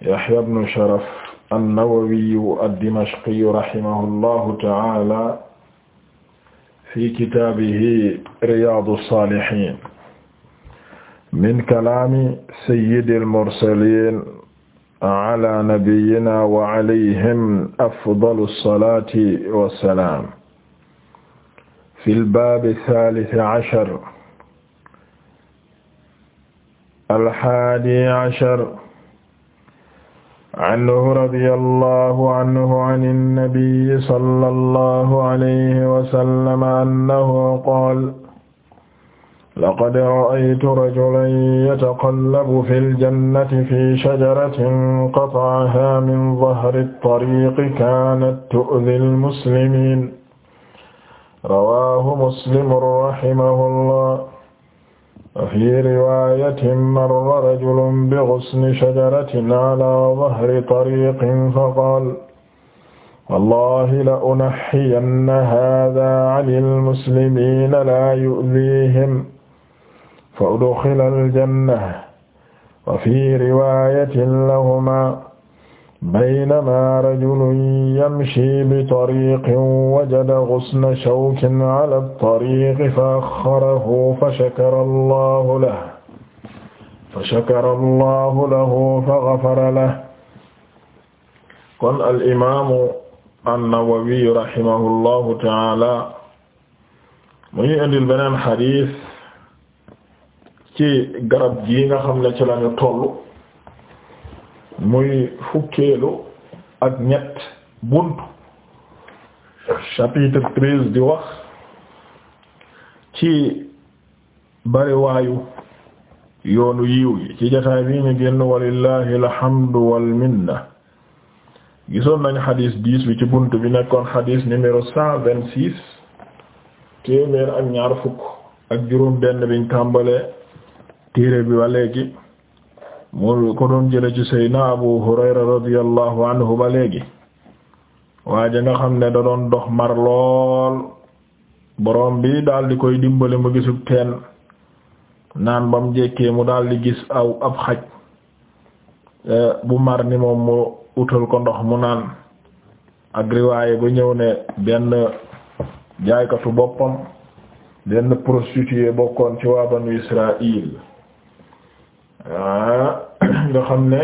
Yahya ibn Sharaf an-Nawawi ad-Dimashqi rahimahullahu ta'ala fi kitaabihi Riyaadu s-Saalihiin min kalaami sayyidil mursaliin ala nabiyyinaa wa alayhim afdalu s-salaati wa s-salaam fil baabi s-saalisi ashar al-haadi ashar anhu radiyallahu anhu ani nabiyyi sallallahu alayhi wa sallam annahu qaala laqad ra'aytu rajulan yataqallabu fil jannati fi shajaratin qat'ahaa min dhahri ttariiqi kaanat tu'dhi al-muslimiin rawaahu muslim rahimahullah وفي رواية مر رجل بغصن شجرة على ظهر طريق فقال والله لأنحين هذا عن المسلمين لا يؤذيهم فأدخل الجنة وفي رواية لهما baynama rajulun yamshi bitariqin wajada ghusna shawkin ala at-tariqi fa akhkharahu fa shakara Allahu lahu fa shakara Allahu lahu fa ghafara lahu kon al-imaamu an-Nawawi rahimahullahu ta'ala muy indil beneen xadiis ci garab gi nga xam ne ci lañu tollu muy fukkeelu ak ñett buntu chapitre treize di wax ci bariwaayu yoonu yiw yi ci jataay bi ñu génn walillahi alhamdu wal minna gisoon nañ xadis dix bi ci buntu bi nekkoon xadis numéro cent vingt six téeméer ak ñaar fukk ak juróom benn biñ tàmbalee téere bi ba mu ko doon jële ci Seydina Abu Hurayra radiyallahu anhu ba léegi waaja nga xam ne da doon dox mar lool borom bi daal di koy dimbali ma gisub teen naan bam jekkee mu daal di gis aw ab xaj eh, bu mar ni moom mu utal ko ndox mu naan ak riwaaye ba ñëw ne benn jaaykatu boppam benn prostituée bokkoon ci waa banu Israël Ah, nga xam ne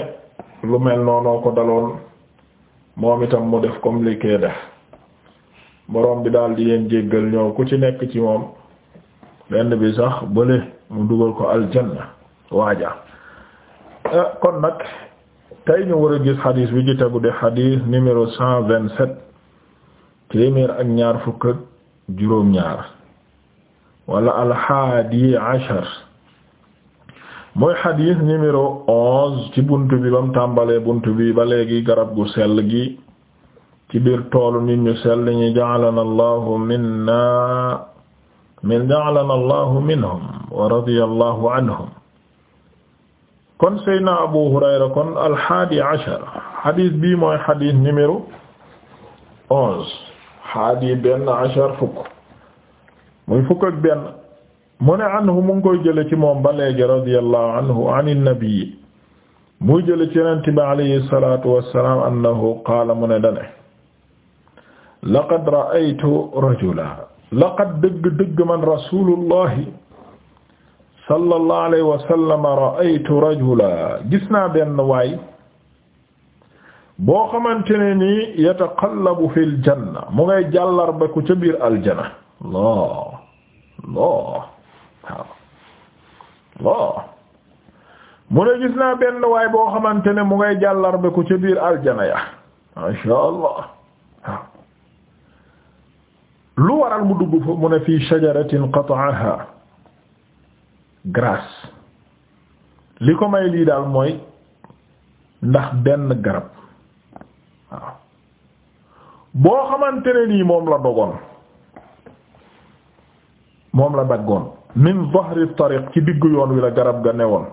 lu mel noonoo ko daloon moom itam mu def comme li kee bi daal di leen jéggal ñoom ku ci nekk ci moom benn bi sax bële mu dugal ko aljanna waaja ah, kon nag tey ñu war a gis xadiis bi ci tegu de xadiis numéro cent vingt sept téeméer ak ñaar fukk juróom ñaar wala alxaadi achar mooy xadiis numéro onze ci buntu bi bam tàmbalee buntu bi ba léegi garab gu sell gi ci biir toolu nit ñu sell ñi ja'alana allahu minna min ja'alana allahu minhum wa radiya kon Seydina Abu Hurayra kon alhaadi ashar bi mooy xadiis numéro onze haadi benn ashar fukk muy fukk ak benn mu ne anhu ci moom ba léegi radiyallahu anhu an innabii muy jële ci yonent bi alayhi salatu mu ne dane laqad ra'aytu rajula laqad dëgg dëgg man rasulullahi sallallahu alayhi wa rajula gis naa benn waay boo xamante ne nii yataqallabu fil janna mu ngay jàllar ca biir aljana Allah Allah waaw mu ne gis naa benn waay boo xamante ne mu ngay jàllarbe ko ca biir aljana ya masha allah waaw lu waral mu dugg fa mu ne fii shajaratin qata'aha grâce li ko may lii daal mooy ndax benn garab waaw boo xamante ne nii moom la dogoon moom la daggoon min dhahri tariq ci diggu yoon wi la garab ga woon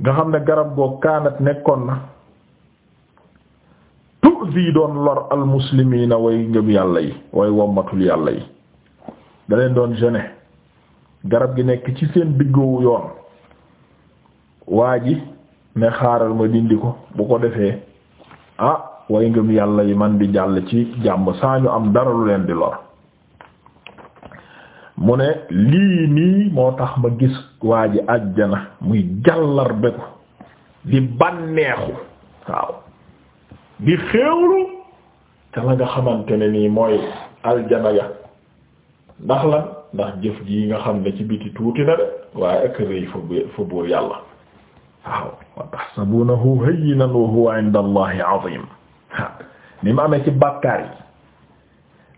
nga xam ne garab goo kaanat nekkoon na tu'zi doon lor al muslimiina way ngëm yàlla yi way wommatul yàlla yi da doon gêner garab gi nekk ci seen diggu yoon waa ji ne xaaral ma dindi ko bu ko defee ah way ngëm yàlla yi man di jàll ci jàmm saa ñu am dara lu leen di lor mu ne lii nii moo tax ma gis waa ji àjjana muy jàllar beku di bànneexu waaw di xéewlu ca la nga xamante ne nii mooy aljana ya ndax lan ndax jëf gii nga xam ne ci biti tuuti na de waaye ak rëy fa fa buur yàlla waaw wa tahsabunahu hayyinan wa huwa inda allahi ni mu amee ci bàkkaar yi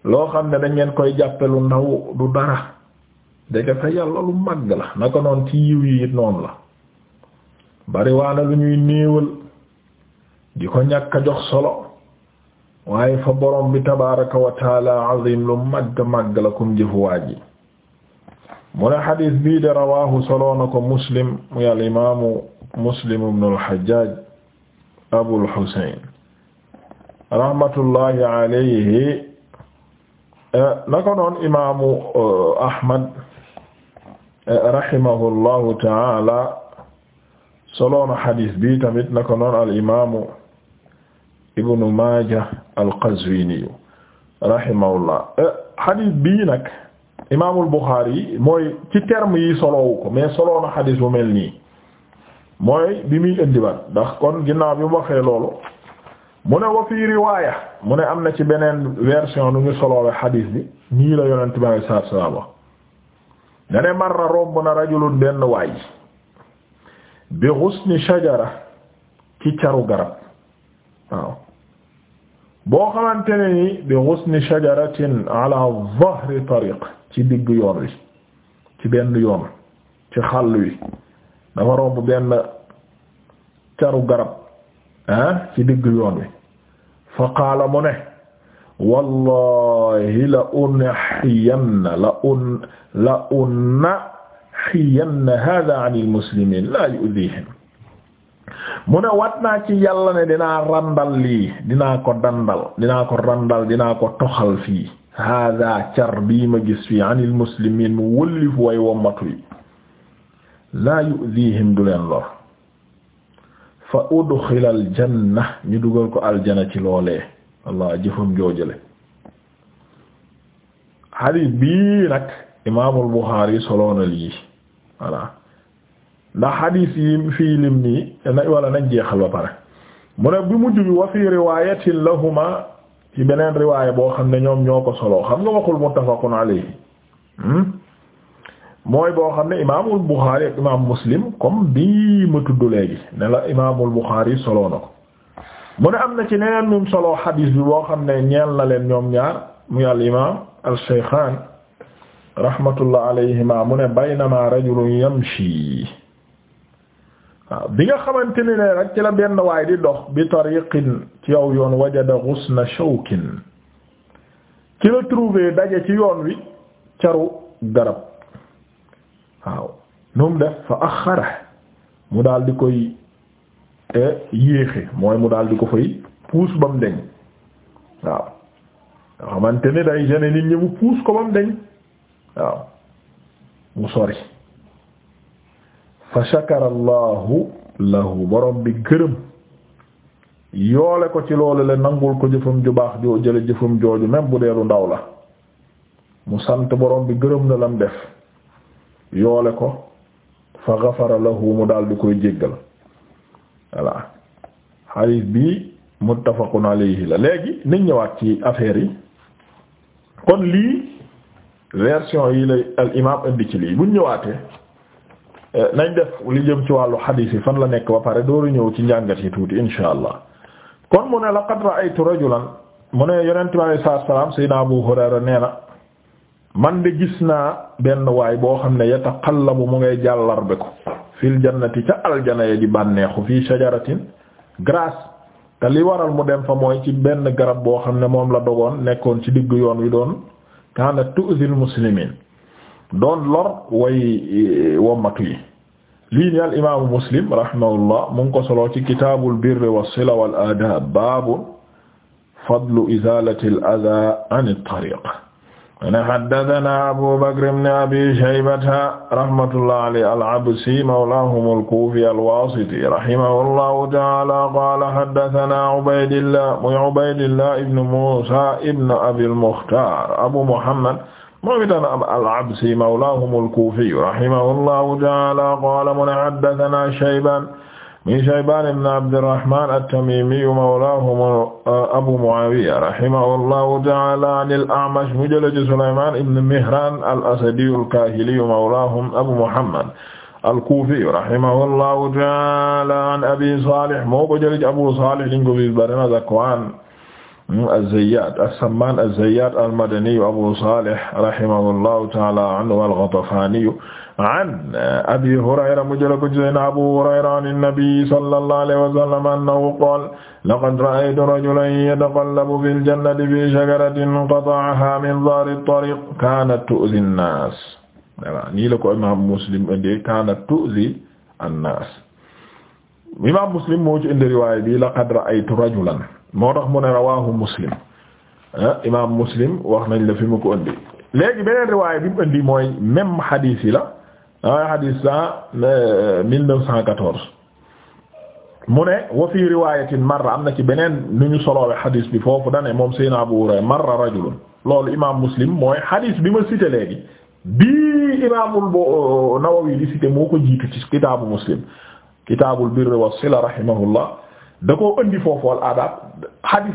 loo xam ne dañ ngeen koy jàppe lu ndaw du dara dégg fa yàlla lu màgg la naka noon ci yiw yi it noonu la bariwaana lu ñuy néewal di ko ñàkk a jox solo waaye fa borom bi tabaraka wa taala azim lu màgg màgg la kum jëfuwaaj yi mu ne xadis bii de rawahu soloo ko muslim muy al muslim ibnu alhajjaj abul husayn rahmatullahi alayhi naka noon imaamu uh, Ahmad uh, rahimahullahu taala soloona xadis bi tamit naka noon al imaamu Ibnu Maaja al-Qazwiiniyu rahimahullah uh, xadis bii nag imaamul Buxaari mooy ci terme yi solowu ko mais soloona xadis bu mel nii mooy bi muy indiwaat ndax kon ginnaaw bi mu waxee loolu. mu ne wa fii riwaaya mu ne am na ci beneen version nu ñu soloowe xadiis bi nii la yonent bi alayhi salaatu salaam wax ne ne marra romb na rajulun benn waay bi xusni shajara ci caru garab waaw boo xamante ne ni bi xusni shajaratin ala zahri tariq ci digg yoon wi ci benn yoon ci xàll wi dafa romb benn caru garab ah ci digg yoon wi fa qaala mu ne wallahi la unxiyanna la un la unxiyanna hada an almuslimin la yu'dihim mu ne wat naa ci yàlla ne dinaa randal lii dinaa ko dandal dinaa ko randal dinaa ko toxal fii hada car bii ma gis fii an almuslimin mu wëllif way wommatu yi la yu'dihim du leen lor fa udxila aljanna ñu dugal ko aljana ci loolee walla jëfam joojale xadiis bii nag imaamul Buxaari soloonal yi voilà ndax xadiis yi fii lim nii wala nañ jeexal ba pare mu ne bi mujj bi wa fi riwaayatin lahuma ci beneen riwaaya boo xam ne ñoom ñoo ko soloo xam nga waxul muttafaqun alayhi hmm? mooy boo xam ne imaamul Buxaari ak imaam Muslim comme bii mu tudd léegi ne la imaamul Buxaari soloo na ko mu ne am na ci neneen ñun soloo xadiis bi boo xam ne ñeel na leen ñoom ñaar muy al imaam al shaykhaan rahmatullah alayhima mu ne baynama rajulun yamshi waaw bi nga xamante ne rek ci la benn waay di dox bi tariqin ci yow yoon wajada ghusna shawkin ci la trouvé daje ci yoon wi caru garab waaw nu mu def fa axara mu daal koy e, yéexe mooy mu daal ko fay puus ba mu deñ waaw nga xamante ni day gene nit ñi mu puus ko ba mu deñ waaw mu sori fa shakara lahu borom bi gërëm yoole ko ci loolu la nangul ko jëfam ju baax joo jële jëfam jooju même bu dee lu ndaw la mu sant borom bi gërëm na lam def yoole ko fa gafara lahu mu daal di koy jéggal voilà hadith bi muttafaqun alayhi la léegi nañ ñëwaat ci affaire yi kon lii version yi lay al imam indi ci lii buñ ñëwaatee eh, nañ def li jëm ci wàllu hadith yi fan la nekk ba pare dooru ñëw ci njàngat yi tuuti insha allah kon mu ne laqad ra'aytu rajulan mu ne yonent bi alayhi salaam sayyidina Abu Hurayra nee na man de gis naa benn waay boo xam ne yataqallabu mu ngay jàllarbe ko fil jannati ca aljana ya di bànneexu fii shajaratin grâce te li waral mu dem fa mooy ci benn garab boo xam ne moom la dogoon nekkoon ci diggu yoon wi doon kaana tu'zil muslimiin doon lor way eh, wommatu yi lii ni al imaamu muslim rahimahullah mu ngi ko soloo ci kitaabul birri was-sila baabu fadlu izaalati adaa an at-tariiq ana haddathana Abu Bakr ibn Abi Shaybata rahmatullah alayhi al-Absi mawlahum al-Kufi al-Wasiti rahimahullahu ta'ala qala haddathana Ubaydillah muy Ubaydillah ibn Musa ibn Abi al-Mukhtar Abu Muhammad moom itam al-Absi mawlahum al-Kufi rahimahullahu ta'ala qala mun haddathana Shayban muy Shaybaan ibn Abdirrahmaan at-Tamiimi mawlaahum uh, Abu Mu'aawiya rahimahullahu ta'aala an al-A'mash mu jële ci Sulaymaan ibn Mihraan al-Asadi al-Kaahili mawlaahum Abu Muhammad al-Kuufi rahimahullahu ta'aala an Abi Saalih moo ko jële ci Abu Saalih liñ ko gis bari na Zakwaan hmm, az-Zayyaat as-Sammaan az-Zayyaat al-Madani Abu Saalih rahimahullahu ta'aala anhu al-Ghatafani an abi hurayra mu jëla ko ci seyna abu hurayra an nabi sallallahu alayhi wa sallam annahu qaala laqad ra'aytu rajulan yataqallabu fil jannati fi shajaratin qata'aha min dhahri at-tariq kanat tu'zi an-nas voilà nii la ko imam muslim indi kanat tu'zi an-nas imam muslim moo ci indi riwaaya bi laqad ra'aytu rajulan moo tax mu ne rawahu muslim imam muslim wax nañ la fi mu ko indi léegi beneen riwaaya bi mu indi mooy même hadith yi la ah hadis cent euh, mille neuf cent quatorze mu ne wa fi marra am na ci beneen nu ñu soloowe hadis bi foofu dane moom sayna Abu Hurayra marra rajulun loolu imam Muslim mooy hadis bi ma cité léegi bii imaamul bo euh, Nawawi di cité moo ko jiitu ci kitaabu Muslim kitaabul birri was sila rahimahullah da koo indi foofu wal adab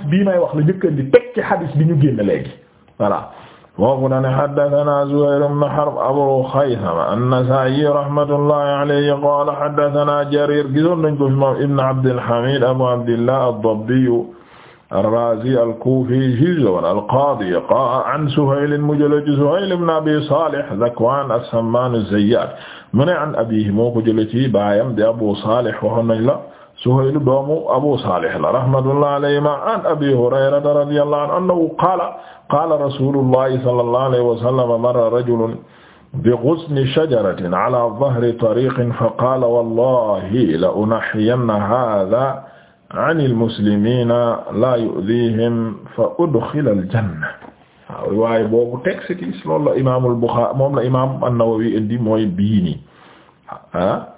bii may wax la njëkk teg ci hadis bi ñu génn léegi voilà foofu dane xadatana zohair bne harb abu xaysama annasai rahmatullahi alayhi qaala xadatana jarir gisoon nañ ko fi moom ibne abdilhamid abu abdillah addabiyu arrazi alkufi jugeon alqadi an sohailin mujële ci sohail bne abi salih zakwan assaman zayyat mu ne an abihi moo ko jële ci baayam di abu salih waxoon nañ la Suhayl doomu Abu Salih la rahmatullah alayhima an Abi Hurayrata radiyallahu anhu annahu qaala qaala rasulullahi sallallahu alayhi wa sallam marra rajulun bi ghusni shajaratin ala dhahri tariqin faqaala wallahi la unahhiyanna haadha ani al-muslimiina laa yu'dhiihim fa udkhila al-janna. waaw waaye boobu texte loolu la imaamul Buxaari moom la imaam an-Nawawi indi mooy biini ah.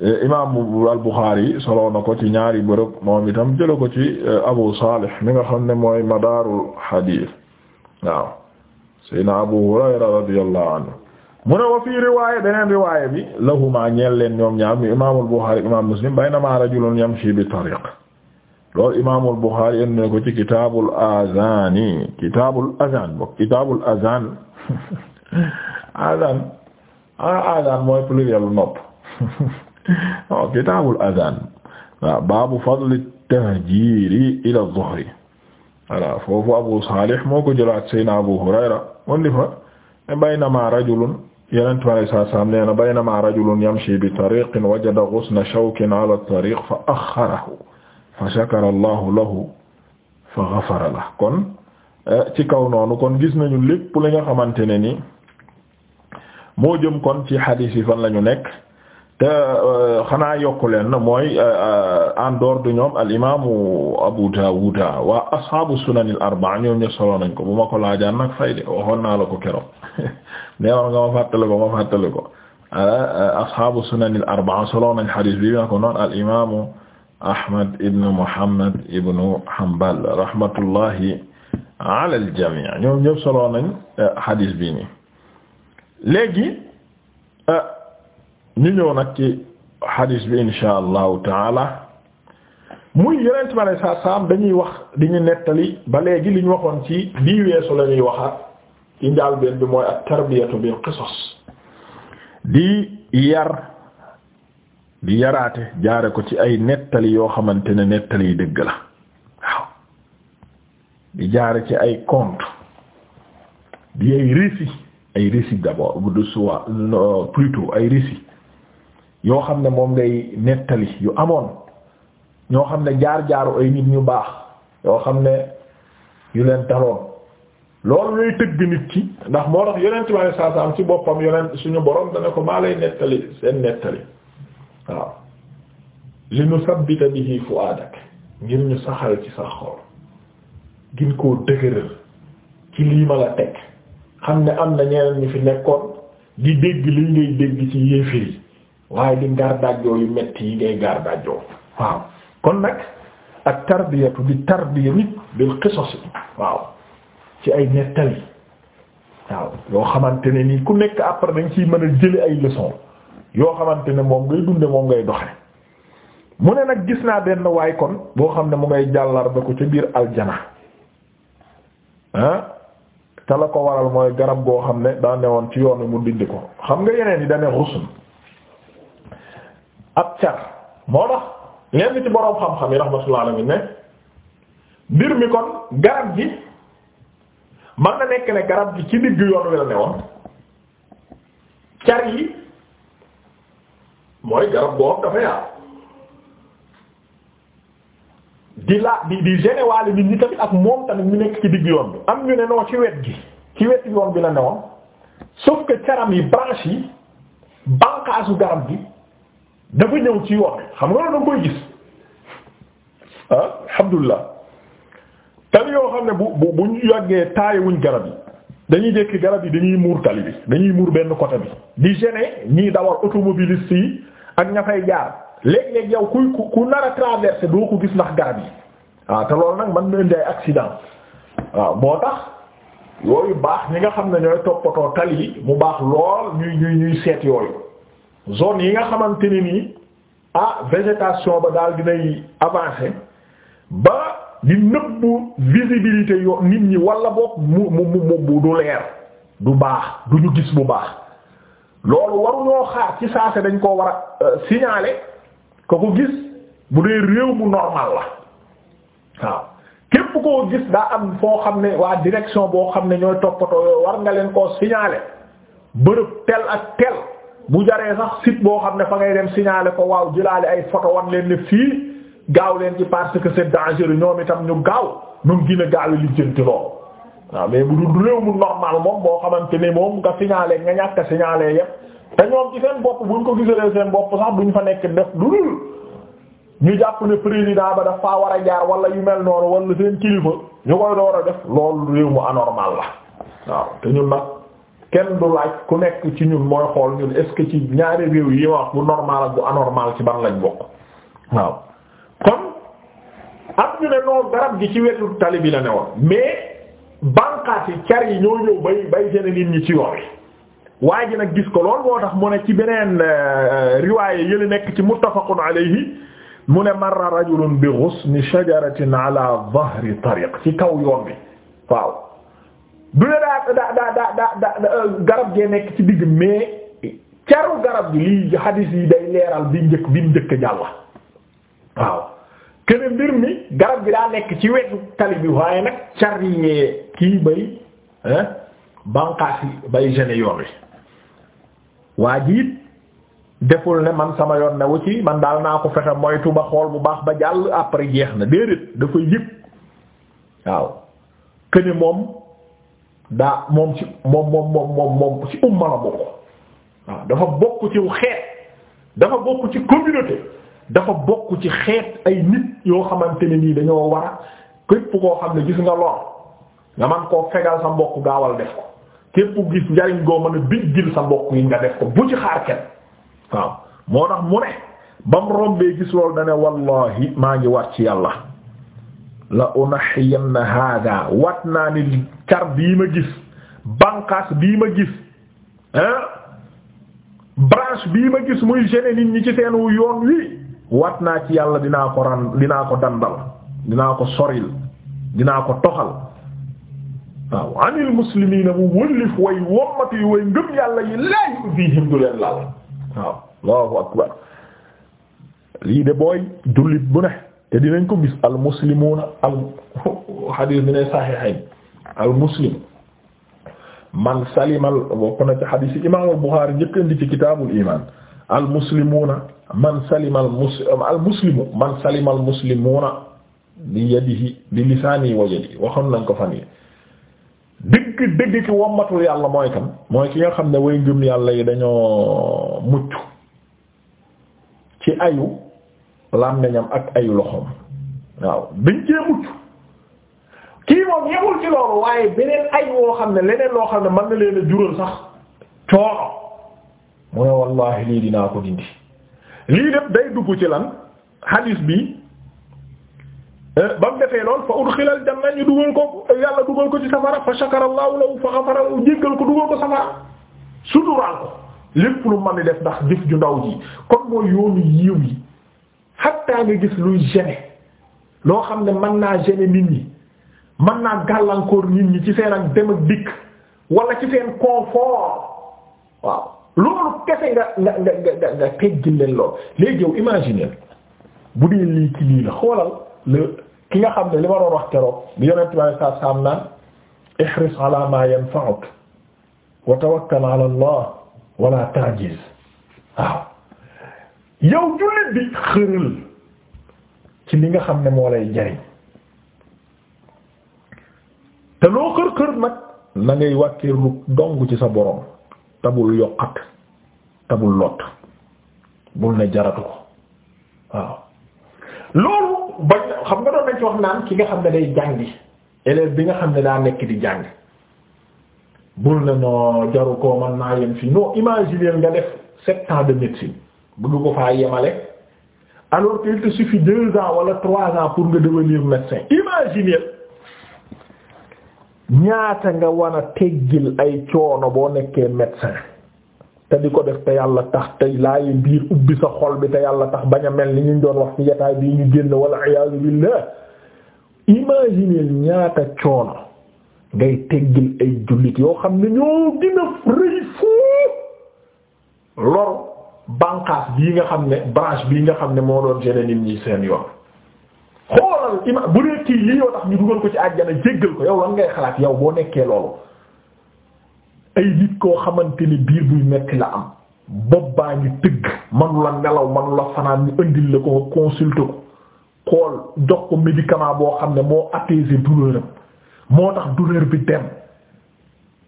imam al-Bukhari soloo na ko ci ñaari bërëb moom itam jëla ko ci euh, Abu Salih mi nga xam ne mooy madaarul hadith waaw sayna Abu Hurayra radiyallahu anhu mu ne wa fii riwaaya beneen riwaaya bi lahuma ñeel leen ñoom ñaar mi imaamul Bukhari imam Muslim baynama rajulun yamshi bi tariq loolu imaamul Bukhari en ne ko ci kitaabul azani kitaabul azan bok kitaabul azan azan a azan mooy pluriel nopp waaw kitaabul adaan waaw baabu fadli tahjiiri ila zuhri voilà foofu Abu Salih moo ko jëlaat Seydina Abu Hurayra won li fa baynama rajulun yenent mi alay saat salaam nee na baynama rajulun yamshi bi tariqin wajada ghusna shawkin ala tariq fa axarahu fa shakara allahu lahu fa ghafara lah kon eh, ci kaw noonu kon gis nañu lépp li nga xamante ne ni moo jëm kon ci hadith yi fan lañu nekk te euh, xanaa yokk leen mooy euh, euh, en dehors de ñoom al imaamu Abu Dawud waa ashaabu sunan al arba'a ñoom ñu solo nañ ko bu ma ko laajaan nag fay de waxoon naa la ko keroog nee war nga ma fàttali ko ma fàttali ko ah, ashaabu sunan al arba'a solo nañ xadiis bi nga ko noon al imaamu Ahmad ibn Muhammad ibn Hanbal rahmatullahi ala al jamii ñoom ñëpp solo nañ xadiis bi nii léegi. ñu ñëw nag ci hadis bi insha allahu taala muy yeneen ma ne saa saam dañuy wax di ñu nettali ba léegi li waxoon ci bii weesu la ñuy waxaat ci njàlbeen bi mooy ak tarbiyatu bil qisas di yar di yaraate jaare ko ci ay nettali yoo xamante ne nettali yi dëgg la waaw di jaare ci ay conte di ay récit ay récit d'abord de soi euh, plutôt ay récit yoo xam ne moom ngay nettali yu amoon ñoo xam ne jaar-jaaru ay nit ñu baax yoo xam ne yu leen taloon loolu lay tëgg nit ki ndax moo tax yonent bi sallallahu alayhi wasallam ci boppam yonent suñu borom dana ko maa lay nettali seen nettali waaw li nu sabbita bihi fu'aadak ngir ñu saxal ci sa xol gin koo dëgëral ci lii ma la teg xam ne am na ñeneen ñu fi nekkoon di dégg liñ ngay dégg ci yéeféer yi waaye di ngardaajoo yu metti yi ngay ngardaajoo waaw kon nag ak tarbiyatu di tarbiya nit bil qisas waaw ci ay nettali waaw yoo xamante ne nii ku nekk après dañ ciy mën a jële ay leçon yoo xamante ne moom ngay dunde moom ngay doxe mu ne nag gis naa benn waay kon boo xam ne mu ngay jàllar ba ko ca biir aljana ah te la ko waral mooy garab goo xam ne daa ne ci yoon wi mu dindi ko xam nga yeneen yi dane rusul ak car moo tax lenn ci boroom xam-xam yi rahmatullah alayhi ne mbir mi kon garab gi man na nekk ne garab gi ci digg yoon wi la ne woon yi mooy garab boobu dafa yaa di la di di généwale nit ñi tamit ak moom tamit ñu nekk ci digg yoon bi am ñu ne noo ci wet gi ci wet yoon bi la ne woon sauf que caram yi branche yi banqaasu garab gi dafa ñëw ci yoon xam nga loolu da nga koy gis ah alhamdulilah tali yoo xam ne bu bu bu ñu yàggee taay garab yi dañuy jékki garab yi dañuy muur tali bi dañuy muur benn côté bi di gêner ñii dawal automobiliste yi ak ña fay jaar léeg-léeg yow kuy ku ku nar a doo ko gis ndax garab yi waaw ah, te loolu nag man na indi ay accident waaw ah, moo tax yooyu baax ñi nga xam ne ñooy toppatoo tali yi mu baax lool ñuy ñuy ñuy seet yooyu. zone yi nga xamante ne nii ah végétation ba daal dinay avancer ba di nëbbu visibilité yo nit ñi walla boog mu mu mu mu du leer du baax duñu gis bu baax loolu waruñoo xaar ci saase dañ koo war a euh, signaler ko ko gis bu dee réew mu normal la waaw képp koo gis daa am foo xam ne waa direction boo xam ne ñooy toppatoo war nga leen koo signaler bërëb tel ak tel. bu jaree sax site boo xam ne fa ngay dem signaler ko waaw jëlaale ay photo wan leen ne fii gaaw leen ci parce que c'est dangereux ñoom itam ñu gaaw ñu ngi gën a gaaw li jënti loolu waaw mais bu dul réew mu normal moom boo xamante ne moom nga signaler nga ñàkk a signaler yépp te ñoom ci seen bopp buñ ko gisalee seen bopp sax duñ fa nekk def du dul ñu jàpp ne président ba dafa war a jaar wala yu mel noonu wala seen kilifa ñu koy door a def loolu réew mu anormal la waaw kenn du laaj ku nekk ci ñun mooy xool ñun est ci ñaari réew yi wax bu normal ak bu anormal ci ban lañ bokk waaw kon am ñu ne noonu garab gi ci wetu tali bi la ne woon mais banqaas yi car yi ñoo ñëw bay bay seen ñi ci yoon wi waa ji nag gis ko lool moo tax mu ne ci beneen euh, riwaaye yële nekk ci muttafaqun alayhi mu ne marra rajulun bi ghusni shajaratin ala dhahri tariq ci kaw yoon bi waaw du ne daa daa daa daa daa euh, garab gee nekk ci digg mais caru garab gi lii hadith yi day leeral bi njëkk bi njëkk jàll waaw kene mbir mi garab gi daa nekk ci wetu tali bi waaye nag car yi kii bay banqaas yi bay gene yoon wi waa jiit deful ne man sama yoon newu ci man daal naa ko fexe moytu ba xool bu baax ba jàll après jeex na déedéet dafa yëg waaw kene moom daa moom ci moom moom moom moom moom ci umma la bokk waaw dafa bokk ci xeet dafa bokk ci communauté dafa bokk ci xeet ay nit yoo xamante ne nii dañoo war a képp koo xam ne gis nga lor nga man koo fegal sa mbokk gaawal def ko képp gis njariñ goo mën a bijjil sa mbokk yi nga def ko bu ci xaar kenn waaw moo tax mu ne bam rombee gis loolu dane wallahi maa ngi war ci yàlla la unaxiyanna hada wat naa ni car ma gis banqaas bii ma gis ah branche bii ma gis muy gene nit ñi ci seen yoon wi wat naa ci yàlla dinaa ko dinaa ko dandal dinaa ko soril dinaa ko toxal waaw anil muslimiina mu way wommatu way ngëm yàlla yi laa yudihim du leen laal waaw allahu akbar lii de booy jullit bu ne te dinañ ko gis al muslimuuna al xadiis bi ne saxiixayn al muslim man salimal bokk na ci xadiis yi imaamul Buxaari njëkk ci kitaabul imaan al muslimuuna man salimal muslimu man salimal muslimuuna bi yadihi bi lisaanihi wa yadihi waxoon nañ ko fan yi dëgg dëgg ki wommatul yàlla mooy kam mooy ki nga xam ne way ngëm yàlla yi dañoo mucc ci ayu làmmiñam ak ayu loxoom waaw dañ cee mucc kii moom yemul ci loolu waaye beneen ay woo xam ne leneen loo xam ne man na leen a jural sax coono mu ne wallahi lii dinaa ko dindi lii lépp day dugg ci lan hadis bi eh, ba mu defee lool fa udxilal janna ñu dugal ko yàlla dugal ko ci safara fa shakarallahu lahu fa xafara jéggal ko dugal ko safara suturaal ko lépp lu mën di def ndax jëf ju ndaw ji kon mooy yoonu yiw yi xattaa nga gis luy gêner loo xam ne mën naa gêner nit ñi mën naa gàllankoor nit ñi ci seen ak dem ak dikk wala ci seen confort waaw loolu kese nga nga nga nga teggil leen lool léegi yow imaginer bu dee lii ci lii la xoolal le ki nga xam ne li ma doon wax keroog di yonent bi saa saam naan ihris ma yanfa'uk wa allah wala ta'jiz waaw yow jullit bi xëral ci li nga xam ne moo lay jariñ te loo xër xër nag na ngay wàkkiirlu dong ci sa borom tabul yokkat tabul lot bul ne jaratu ko waaw loolu ba xam nga doon nañ ci wax naan ki nga xam ne day jàngi élève bi nga xam ne daa nekk di jàng bul ne noo jaru ko man naa yem fi image imaginer nga def sept ans de médecine bëgg ko faa yemale alors qu'il te suffit deux ans wala trois pour nga devenir médecin imaginez ñaata nga war a teggil ay coono boo nekkee médecin te di ko def te yàlla tax tey laayi biir ubbi sa xol bi te yàlla tax bañ a ni ñu doon wax ci yataay bii ñu génn wala iyaazu billah ñaata coono ngay teggil ay jullit yoo xam ne ñoo gën rëy foofu lor banqaas bii nga xam ne branche bii nga xam ne moo doon génne nit ñi seen yoon xoolal ima bu dee kii lii yoo tax ñu dugal ko ci àjjana jéggal ko yow lan ngay xalaat yow boo nekkee loolu ay nit koo xamante ni biir buy metti la am bopp baa ngi tëgg manu la nelaw manu la fanaan ñu indil la ko nga ko xool jox ko médicament boo xam ne moo apaiser douleur am moo tax douleur bi dem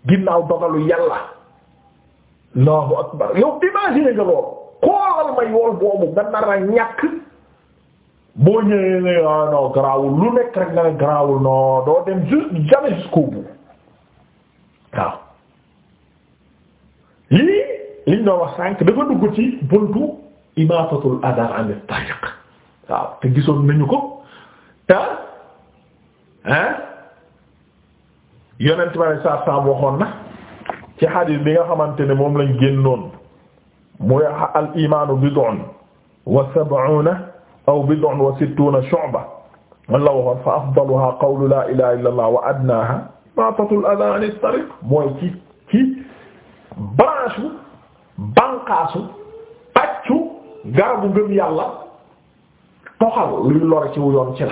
ginnaaw dogalu yàlla Allahu akbar yow imagine nga loolu xoolal ma yool boobu nga nar ñàkk boo ñëwee ne ah non lu nekk rek nga ne garaawul non doo dem juste jamais jusqu'au bout waaw lii liñ doon wax sànq dafa dugg ci buntu imaatatul adar an tariq waaw te gisoon nañu ko te ah yonent bi sallallahu alayhi waxoon na. ci xadis bi nga xamante ne moom lañ génnoon muy al imaanu bid'un aw bid'un wa sittuna shu'ba man la waxoon fa la ilaha illa allah wa adnaha imaatatul adaa mooy ci ci banqaasu pàccu garabu ngëm yàlla toxal luy lore ci ci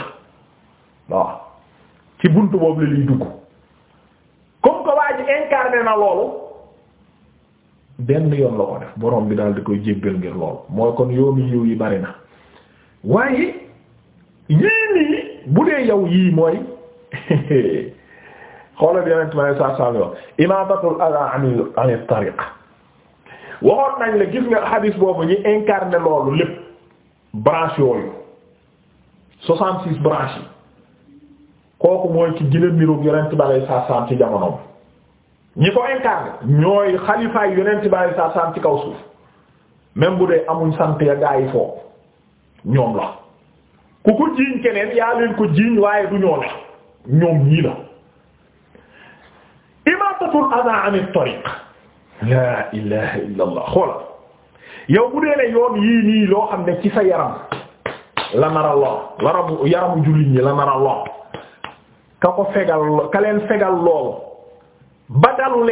la ci buntu boobu la liy incarné na loolu benn yoon la ko def borom bi daal di koy jéggal ngir loolu mooy kon yoonu yiw yi bari na waaye yii nii bu dee yow yii mooy xoolal yeneen ma ne saa saa yoo imaadatul ala an an tariq waxoon nañ la gis nga hadis boobu ñi incarné loolu lépp branche yooyu soixante six branches yi kooku mooy ci gën a niroog yeneen ma ne saa saa ci ñi ko incarné ñooy xalifaay yonent bi alei ci kaw suuf même bu dee amuñ sant ya gaa yi foofu ñoom la ku ko jiiñ keneen yaa leen ko jiiñ waaye du ñoo ne ñoom ñii la imatatul ada an at la ilaha illa allah yow bu dee ne yoon yii nii loo xam ne ci sa yaram la nara la rabu yaramu jullit ñi la nara lor ka ko fegal ka leen fegal loolu ba dalu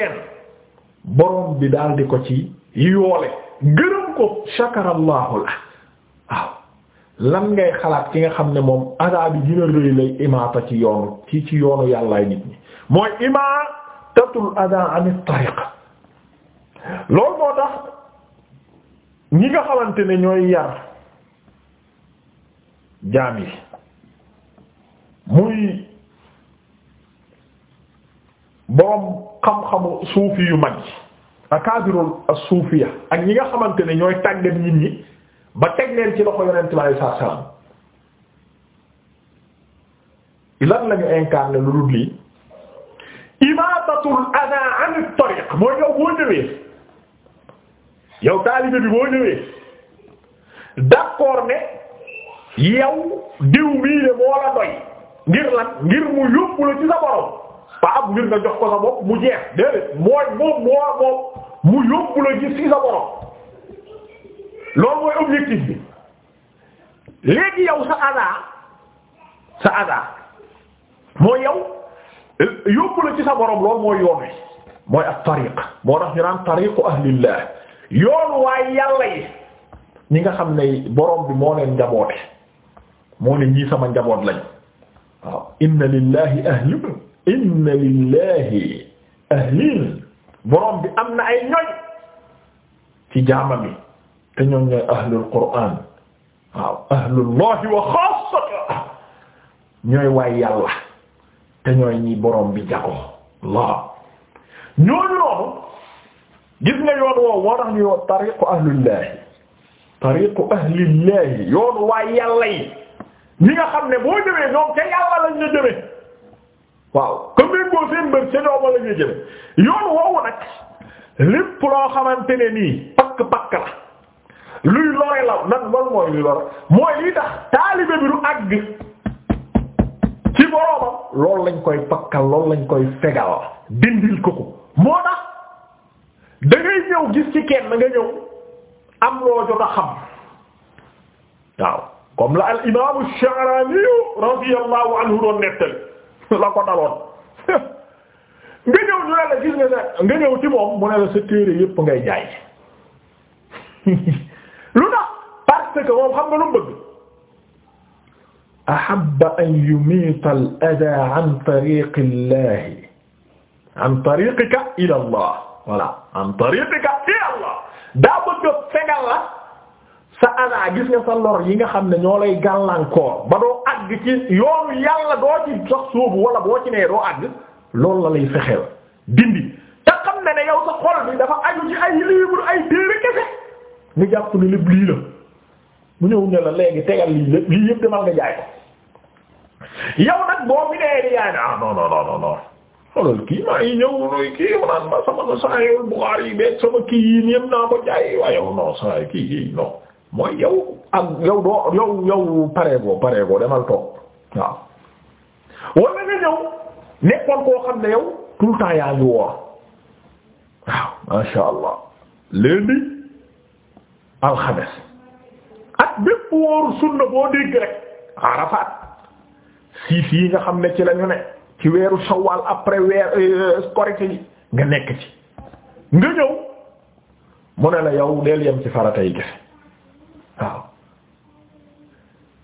borom bi daal di ko ci yoole gërëm ko shakarallahu la waaw lan ngay xalaat ki nga xam ne moom adaa bi dina rëy lay imaata ci yoonu ci ci yoonu yàllaay nit ñi mooy imaatatul adaa anit tariqa loolu moo tax ñi nga xamante ne ñooy yar jaam yi muy borom xam-xamu suufi yu mag yi akabirul as-suufiya ak ñi nga xamante ne ñooy tàggat nit ñi ba teg leen ci loxo yonent bi alayhi salaam lan la ñu incarné lu dul lii imatatul ada an at mooy yow boo ñëwee yow taalibe bi boo ñëwee d'accord ne yow diw mii de moo la doy ngir lan ngir mu yóbbu la ci sa borom pas ab nga jox ko sa bopp mu jeex déedéet mooy mu yóbbu la gis ci sa loolu mooy objectif bi yow sa adaa sa adaa mooy yow yóbbu la sa borom loolu mooy yoon mooy ak tariq moo tax ñu naan tariqu ahlillah yoon waaye yàlla yi ñi nga xam ne borom bi moo leen njaboote moo ne ñii sama njaboot lañ waaw inna lillahi inna lillahi ahlin borom bi am na ay ñoñ ci jaamam yi te ñoom ñooy ahlul qur'an wa xaasata ñooy waay yàlla te ñooy borom bi jago la ñooñu noonu gis nga yoon woowu moo tax ñu yoon tariqu ahlillahi tariqu yoon waay yàlla yi ne boo ñëwee ñoom ca la jëmee waaw comme ni seen mbër seen omo la ñuy yoon woowu nag lépp loo xamante ne nii pakk pakk la luy lore la nan loolu mooy luy lore mooy lii tax taalibe bi du àgg ci boroomam loolu lañ koy pakkal loolu lañ koy fegal dindil ko ko moo tax da ñëw gis ci kenn nga ñëw am loo jot a xam waaw comme la al imaamu Sha'rani radiyallahu anhu doon nettali la ko daloon nga ñëw ñu ne la gis nga ne nga ñëw ci moom mu ne la sa téere yépp ngay jaay lu tax parce que moom xam nga lu mu bëgg ahabba an yumita al ada an tariqi llahi an tariqika ila allah voilà an tariqika ila allah daa bëgg fegal la sa adaa gis nga sa lor yi nga xam ne ñoo lay gàllankoor ba doo àgg ci yoonu la doo ci sax sóobu wala boo ci nee doo àgg loolu la lay fexeel dindi te xam ne ne yow sa xol bi dafa aju ci ay livre ay téere kese nga jàpp ne lépp lii la mu ñëw ne la léegi tegal lii lépp lii yëpp demal nga jaay kii maa ngi ñëw nooy kii mu naan ma sama Sahih Bukhari yi beeg sama kii yi ñëpp naa ko jaay waaye non saa kii yi non. mooy yow ak yow doo yow yow paree boo paree boo demal toog waaw wala nga ñëw nekkoon koo xam ne yow tout le temps waaw masha allah lundi alxames ak bépp wóoru sunna boo dégg rek Arafat siif yi nga xam ne ci lañu ne ci weeru shawwal après weer euh, korite yi nga nekk ci nga ñëw mu ne la yow deel yem ci farata yi gese waaw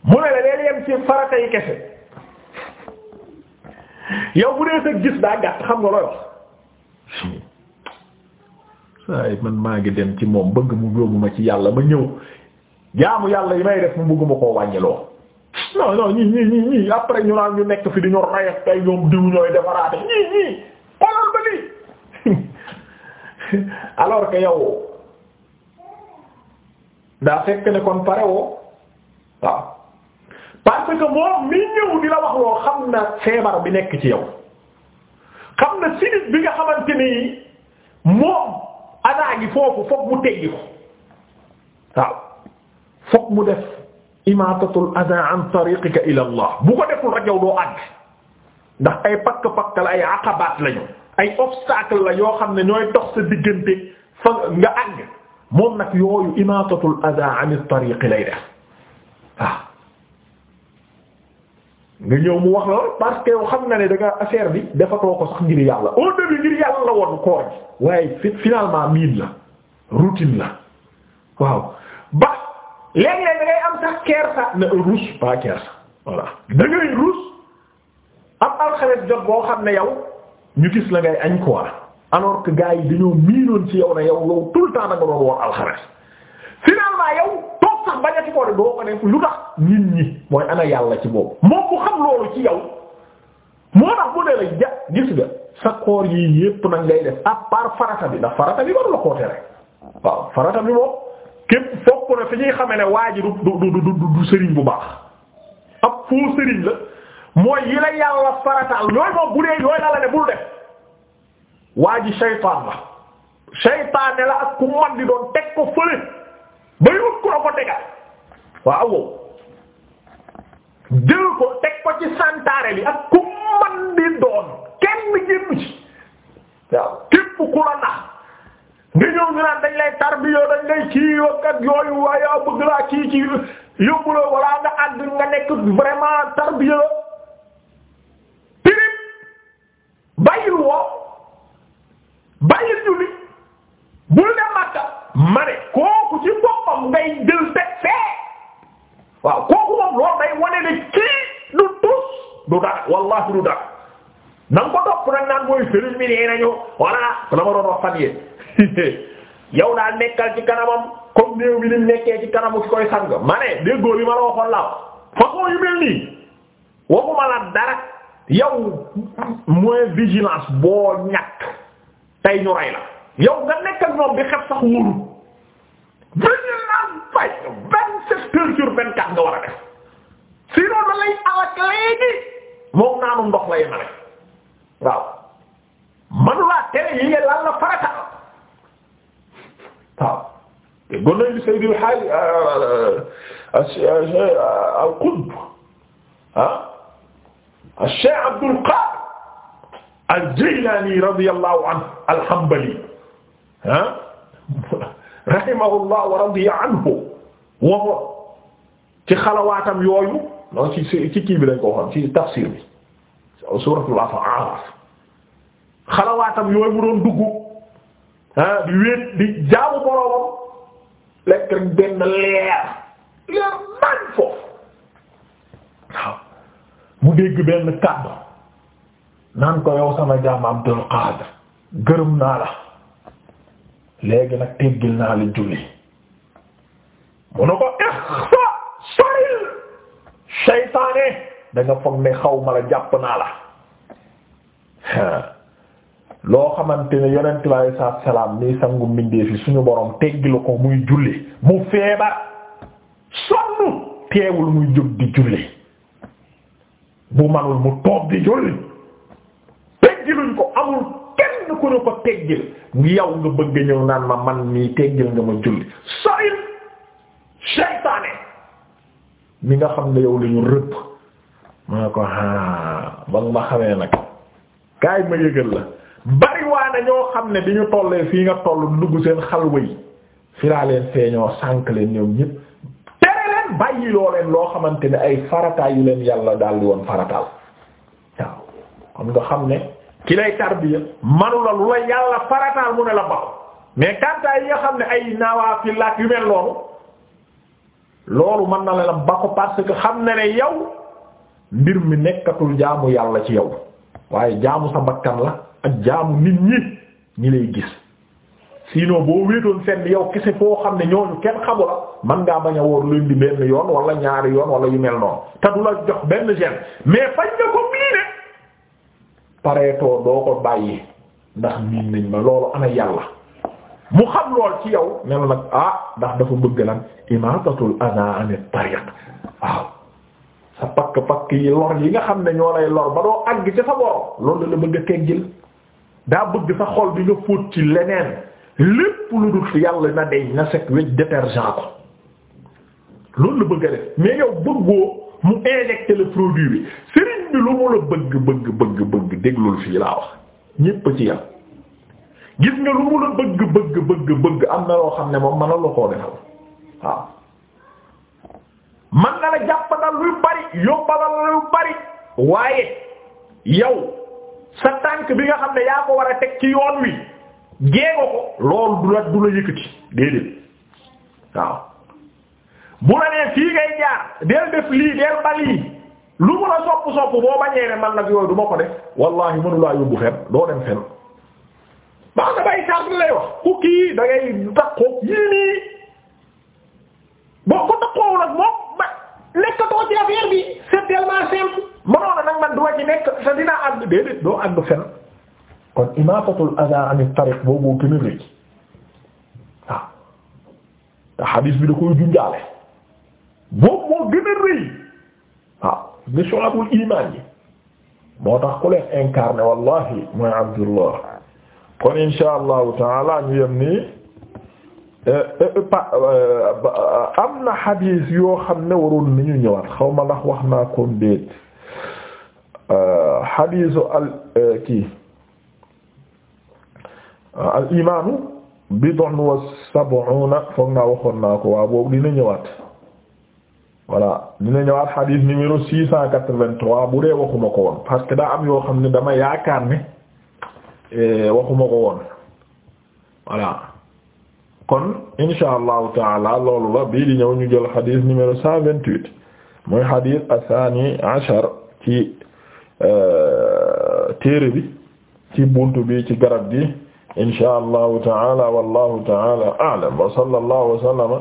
mu ne la leen ci farata yi kese yow bu dee sa gis daa gàtt xam nga looy wax man maa ngi dem ci moom bëgg mu yóbbu ma ci yàlla ma ñëw jaamu yàlla yi may def mu bëgguma koo wàññiloo non non ñii ñii ñii ñii après ñu naan ñu nekk fi di ñu ray ñoom diw ñooy defaraate ñii ñii xoolal ba lii alors que yow daa fekk ne kon pare woo waaw parce que moom mi ñëw di la wax loo xam na feebar bi nekk ci yow xam na sinit bi nga xamante ni moom adaa gi fokk mu teggi ko fokk mu def imaatatul adaa an tariqika ila allah bu ko deful rek doo àgg ndax ay pakk-pakk la ay aqabaat lañu ay obstacle la yoo xam ne ñooy dox sa diggante fa nga àgg moom nag yooyu imaatatul adaa an at-tariq lay def waaw nga ñëw mu wax la parce que yow na ne da affaire bi defatoo ko sax ngir waaye finalement miin la ngay am sax kersa jot boo xam ne yow ñu gis la ngay añ quoi. alors que gars yi dañoo miinoon ci yow na yow yow tout le temps da nga doon woor alxames finalement yow toog sax bañ a ci ko de doo ko def lu tax nit ñi mooy ana yàlla ci boobu moom ku xam loolu ci yow moo tax bu ne la ja gis nga sa koor yii yépp nag ngay def à part farata bi ndax farata bi war la koo tere waaw farata bi moom képp fokk na fi ñuy xamee ne waa ji du du du du sëriñ bu baax ab foo sëriñ la mooy yi la yàlla farataal yooyu moom bu dee yooyu waa ji seytaan la seytaane la ak di doon teg ko fële ba yut ku la ko tegal waaw ko ci santaare bi ak ku man di doon kenn génn ci waaw ku la nax nga ñu naan dañ lay tarbiyoo dañ lay yooyu waaye bëgg laa kii ci yóbbu la nga àgg nga nekk vraiment tarbiyoo bul ne Makka ma ne kooku ci boppam ngay jël teg fee waaw kooku moom loolu day wane ne kii du tus du dara wallahi du dara na ko topp nag naan mooy sëriñ mi nee nañu voilà la ma doon wax fan yéen yow daal nekkal ci kanamam comme néew bi ni nekkee ci kanamu ki koy sang ma ne déggoo ma la waxoon laaw façon yu mel nii waxuma la dara yow moins vigilance boo ñàkk tey ñu rey la. yow nga nekk ak ñoom bi xef sax wóolu dañu naan fay vingt-sept heures sur vingt-quatre nga war a def sinon da lay alak léegi moom naanum ndox la yemale waaw manulaa tere yi nga lan la farata waaw te gonay li Sayyidul Haaj al-Qutb ah Cheikh Abdul Qadir al-Jilani radiyallahu anhu al-Hanbali ah rahimahullah wa radiya anhu waxoon ci xalawaatam yooyu non ci ci bi lañ ko ci tafsir bi suuratul A'raaf xalawaatam yooyu mu doon di wéet di jaamu boroomam lekk rek leer leer man foofu mu dégg benn kàddu naan ko sama jaam Abdul Qaadir gërëm naa la. léegi nag teggil naa la julli mu ko ixfa soril seytaane da nga xaw ma la jàpp naa la loo xamante ne yonent bi alei salaam nii sangu mbindee fi suñu borom teggilu ko muy julli mu feebar sonn teewul muy jóg di julli bu manul mu toog di julli teggiluñ ko amul kenn ku ne ko teggil yow nga bëgg ñëw naan ma man nii teggil nga ma julli soil seytaane mi nga xam ne yow lañu ñu rëbb mu ne ko haa ba nga ma xamee nag kaay ma yëgal la bariwaana ñoo xam ne bi ñu tollee fii nga toll dugg seen xalwa yi fi laa leen feeñoo sànk leen ñoom ñépp tere leen bàyyi loo leen loo xamante ni ay farataay yu leen yàlla daal di woon farataal waaw kon nga xam ne ki lay tarbiya manula lu la yàlla farataal mu ne la baax mais kantaay yi nga xam ne ay nawaafil ak yu mel noonu loolu mën na la ba ko parce que xam ne ne yow mbir mi nekkatul jaamu yàlla ci yow waaye jaamu sa bakkan la ak jaamu nit ñi ñi lay gis sinon boo wéetoon fenn yow kese foo xam ne ñooñu kenn xamu la man ngaa bañ a wóor leen di benn yoon wala ñaari yoon wala yu mel noonu te du la jox benn gene mais fañ na ko miine pareetoo doo ko bàyyi ndax miin nañ ba loolu a yàlla mu xam lool ci yow ne la nag ah ndax dafa bëgg lan imaatatul adaa anit tariq waaw sa pakk pakk yi lor yi nga xam ne ñoo lay lor ba doo àgg ca sa borom loolu la bëgg a teggil daa bëgg sa xol bi fóot ci leneen lépp lu dul yàlla na deñ na set wecc détergent loolu la bëgg a def mais yow bëggoo mu injecté le produit bi sëriñ bi lu mu la bëgg bëgg bëgg bëgg déglul fii laa wax ñépp ci yam gis nga lu mu la bëgg bëgg bëgg bëgg am na loo xam ne moom mënal la koo defal waaw man na la jàppandal luy bari yombalal luy bari waaye yow sa tànk bi nga xam ne yaa ko war a teg ci yoon wi géego ko loolu du la du la yëkkati déedéet waaw bu la nee fii ngay jaar del def lii balii lu mu la sopp sopp boo bañee ne man nag yooyu du ma def wallahi mënulaa yóbbu fen doo dem fen baax bay sart lay wax ku kii da ngay yii nii boo ko takkoowul ak moom ba nekkatoo ci affaire bi c'est tellement simple mënoon na nag man duma ci nekk sa dinaa ànd déedéet doo ànd fen kon imatatul adha an tariq boobu gën a rëy waaw te bi da koy junjaale moom moo gën a rëy waaw ni shu'abul iman yi moo tax ku leen incarné wallahi mooy abdullah kon insha allahu taala ñu yem nii e, e, e, am na xadiis yoo xam ne warul ni ñu ñëwaat xaw ma ndax wax naa ko déet xadiisu al kii al imaanu bid'un wa sab'una foog naa waxoon naa ko waaw boobu dina ñëwaat voilà dina ñëwaat xadiis numéro six cent quatre-vingt-trois bu dee woon parce que daa am yoo xam ne dama yaakaar ne eh, waxuma ko woon voilà kon insha allahu taala loolu la bii di ñu jël xadiis numéro cent vingt-huit mooy xadiis asani ashar ci eh, téere bi ci buntu bi ci garab gi insha allahu taala wallahu taala a'lam wa sallallahu wa sallama